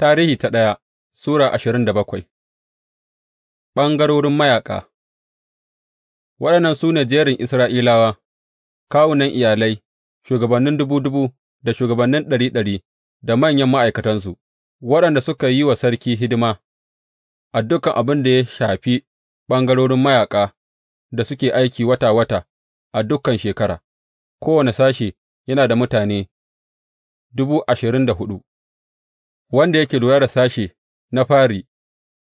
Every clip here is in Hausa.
Tarihi ta ɗaya Sura ashirin da bakwai Ɓangarorin mayaƙa Waɗannan su ne jerin Isra'ilawa, kawunan iyalai, shugabannin dubu dubu da shugabannin ɗari ɗari da manyan ma'aikatansu, waɗanda suka yi wa sarki hidima a dukan abin da ya shafi ɓangarorin mayaƙa da suke aiki wata wata a dukan shekara, kowane sashe yana da mutane dubu ashirin da hudu. wanda yake lura da sashe na fari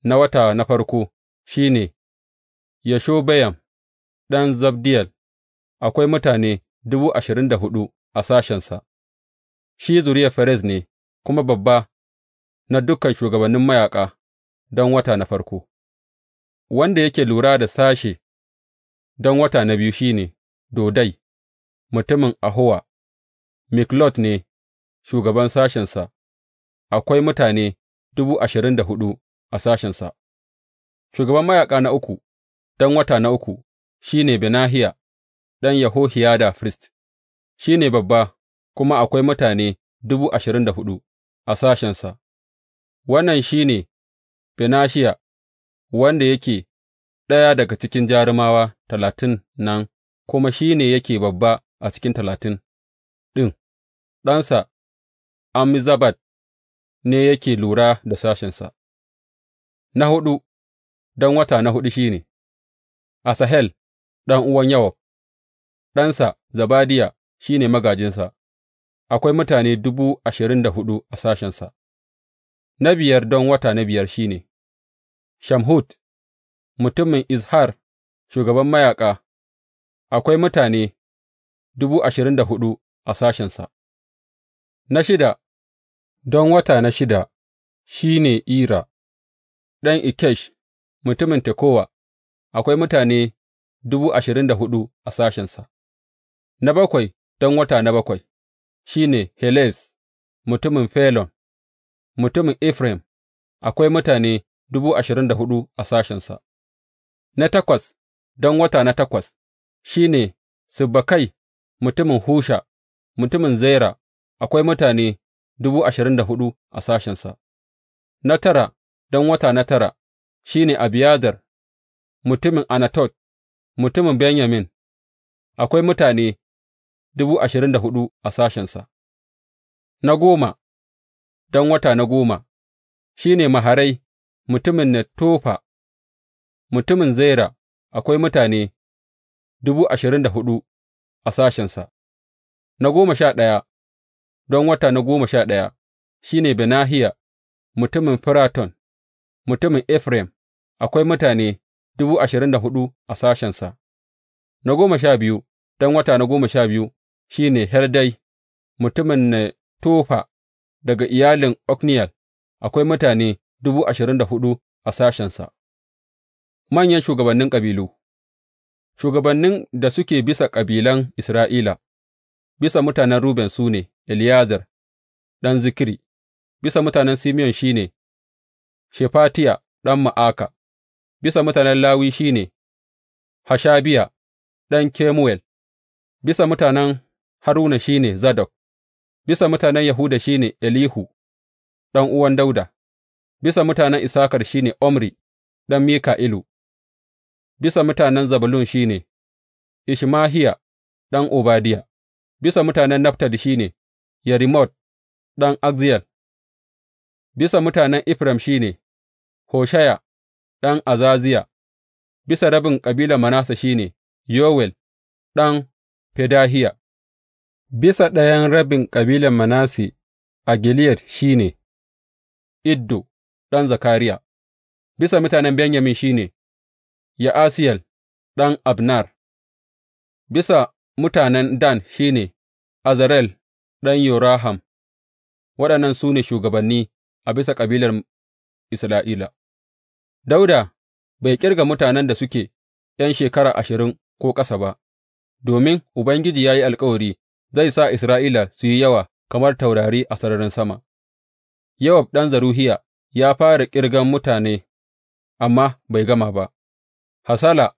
na wata na farko shi ne Yashobeyam ɗan Zabdiyel, akwai mutane dubu ashirin da hudu a sashensa, shi zuriyar Ferez ne kuma babba na dukan shugabannin mayaƙa don wata na farko, wanda yake lura da sashe don wata na biyu shi ne Dodai, mutumin Ahowa, Miklot ne shugaban sashensa akwai mutane dubu ashirin da hudu a sashensa, shugaban mayaƙa na uku don wata na uku shi ne Benahiya ɗan Yahohiyada firist, shi ne babba, kuma akwai mutane dubu ashirin da hudu a sashensa, wannan shi ne Benashiya, wanda yake ɗaya daga cikin jarumawa talatin nan, kuma shi ne yake babba a cikin talatin ɗin, ɗansa amizabad ne yake lura da sashensa, na huɗu don wata na huɗu shi ne, Asahel uwan Yawab, ɗansa Zabadiya shi ne magajinsa, akwai mutane dubu ashirin da hudu a sashensa, na biyar don wata na biyar shine. ne, Shamhut mutumin Izhar, shugaban mayaƙa, akwai mutane dubu ashirin da hudu a sashensa, na shida don wata na shida shi ne Ira, ɗan Ikkesh, mutumin Tekowa, akwai mutane dubu ashirin da hudu a sashensa, na bakwai don wata na bakwai shi ne Helez, mutumin Felon, mutumin Efraim, akwai mutane dubu ashirin da hudu a sashensa, na takwas don wata na takwas shi ne Sibbekai, mutumin Husha, mutumin Zera, akwai mutane dubu ashirin da hudu a sashensa, na tara don wata na tara shi ne Abiyazar mutumin Anatot, mutumin Benyamin, akwai mutane dubu ashirin da hudu a sashensa, na goma don wata na goma shi ne Maharai mutumin Netofa, mutumin Zera, akwai mutane dubu ashirin da hudu a sashensa, na goma sha ɗaya don wata na goma sha ɗaya, shi ne Benahiya mutumin Firaton, mutumin Efraim, akwai mutane dubu ashirin da hudu a sashensa, na goma sha biyu, don wata na goma sha biyu shi ne Heldai mutumin Netofa daga iyalin Okniyal, akwai mutane dubu ashirin da hudu a sashensa. Manyan shugabannin ƙabilu. Shugabannin da suke bisa ƙabilan Isra'ila, bisa mutanen Ruben su ne. Eleyazar ɗan Zikri, bisa mutanen Simeyon shi ne, Shefatiya ɗan Ma'aka, bisa mutanen Lawi shi ne, Hashabiya ɗan Kemuwel, bisa mutanen Haruna shi ne Zadok, bisa mutanen Yahuda shi ne Elihu uwan Dauda. bisa mutanen Isakar shi ne Omri ɗan Mika'ilu, bisa mutanen zabulun shi ne, Ishmahiya ɗan Obadiya, bisa mutanen Naftali shi ne. Yerimot ɗan Azziyel Bisa mutanen Efraim shi ne, Hosheya ɗan Azaziya; bisa rabin kabilar manasa shi ne, Yowel ɗan Fedahiya; bisa ɗayan rabin kabilar manasi a Gileyad shi ne, Iddo ɗan Zakariya; bisa mutanen Benyamin shi ne, Ya'asiyel ɗan Abnar. bisa mutanen Dan shi ne, Azarel. ɗan Yoraham Waɗannan su ne shugabanni a bisa kabilar Isra'ila Dauda bai ƙirga mutanen da suke ’yan shekara ashirin ko ƙasa ba, domin Ubangiji ya yi alkawari zai sa Isra'ila su yi yawa kamar taurari a sararin sama. yawab ɗan Zaruhiya ya fara ƙirgan mutane, amma bai gama ba, hasala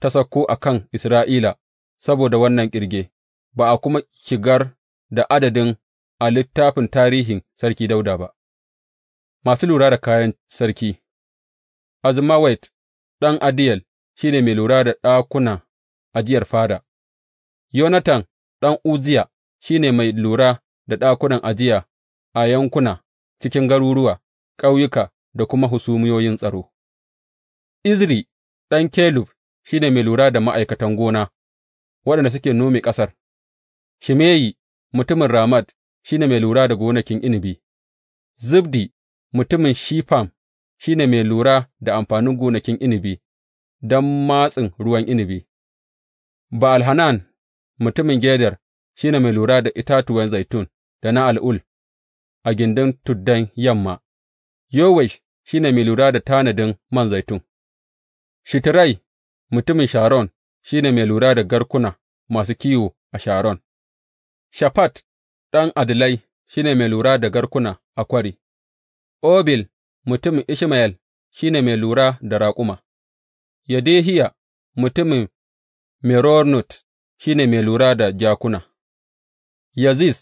ta sauko a kan Isra'ila saboda wannan ƙirge, ba a kuma shigar da adadin a littafin tarihin Sarki Dauda ba, masu lura da kayan sarki, Azmawet ɗan Adiyel shi ne mai lura da ɗakuna ajiyar fada, Yonatan ɗan Uzziya shi ne mai lura da ɗakunan ajiya a yankuna cikin garuruwa, ƙauyuka da kuma husumiyoyin tsaro, Izri ɗan Kelub shi ne mai lura da ma'aikatan gona waɗanda suke nome ƙasar, Shimeyi mutumin Ramat shi ne mai lura da gonakin inabi, Zibdi mutumin Shifam shi ne mai lura da amfanin gonakin inabi don matsin ruwan inabi, Ba'al Hanan mutumin Geder shi ne mai lura da itatuwan zaitun da na al'ul a gindin tuddan yamma, Yowash shi ne mai lura da tanadin man zaitun, Shitrai mutumin Sharon shi ne mai lura da garkuna masu kiwo a Sharon. Shafat ɗan Adlai shi ne mai lura da garkuna a kwari, Obil mutumin Ishmayel shi ne mai lura da raƙuma, Yedehiya mutumin Meronot shi ne mai lura da jakuna, Yaziz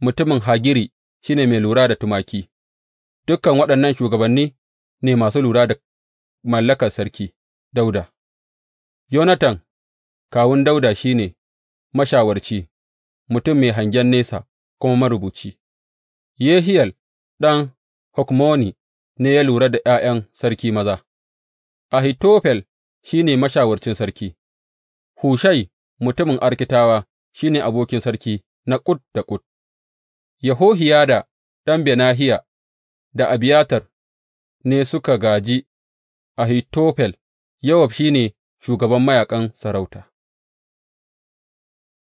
mutumin Hagiri shi ne mai lura da tumaki, dukan waɗannan shugabanni ne masu lura da mallakar sarki Dauda, Yonatan, kawun Dauda shi ne mashawarci. mutum mai hangen nesa kuma marubuci, Yehiyel ɗan Hokmoni ne ya lura da ’ya'yan sarki maza, Ahitofel shi ne mashawarcin sarki, Hushai mutumin Arkitawa shi ne abokin sarki na ƙud da ƙud, Yahohiyada ɗan Benahiya da Abiyatar ne suka gaji Ahitofel, Yowab shi ne shugaban mayaƙan sarauta.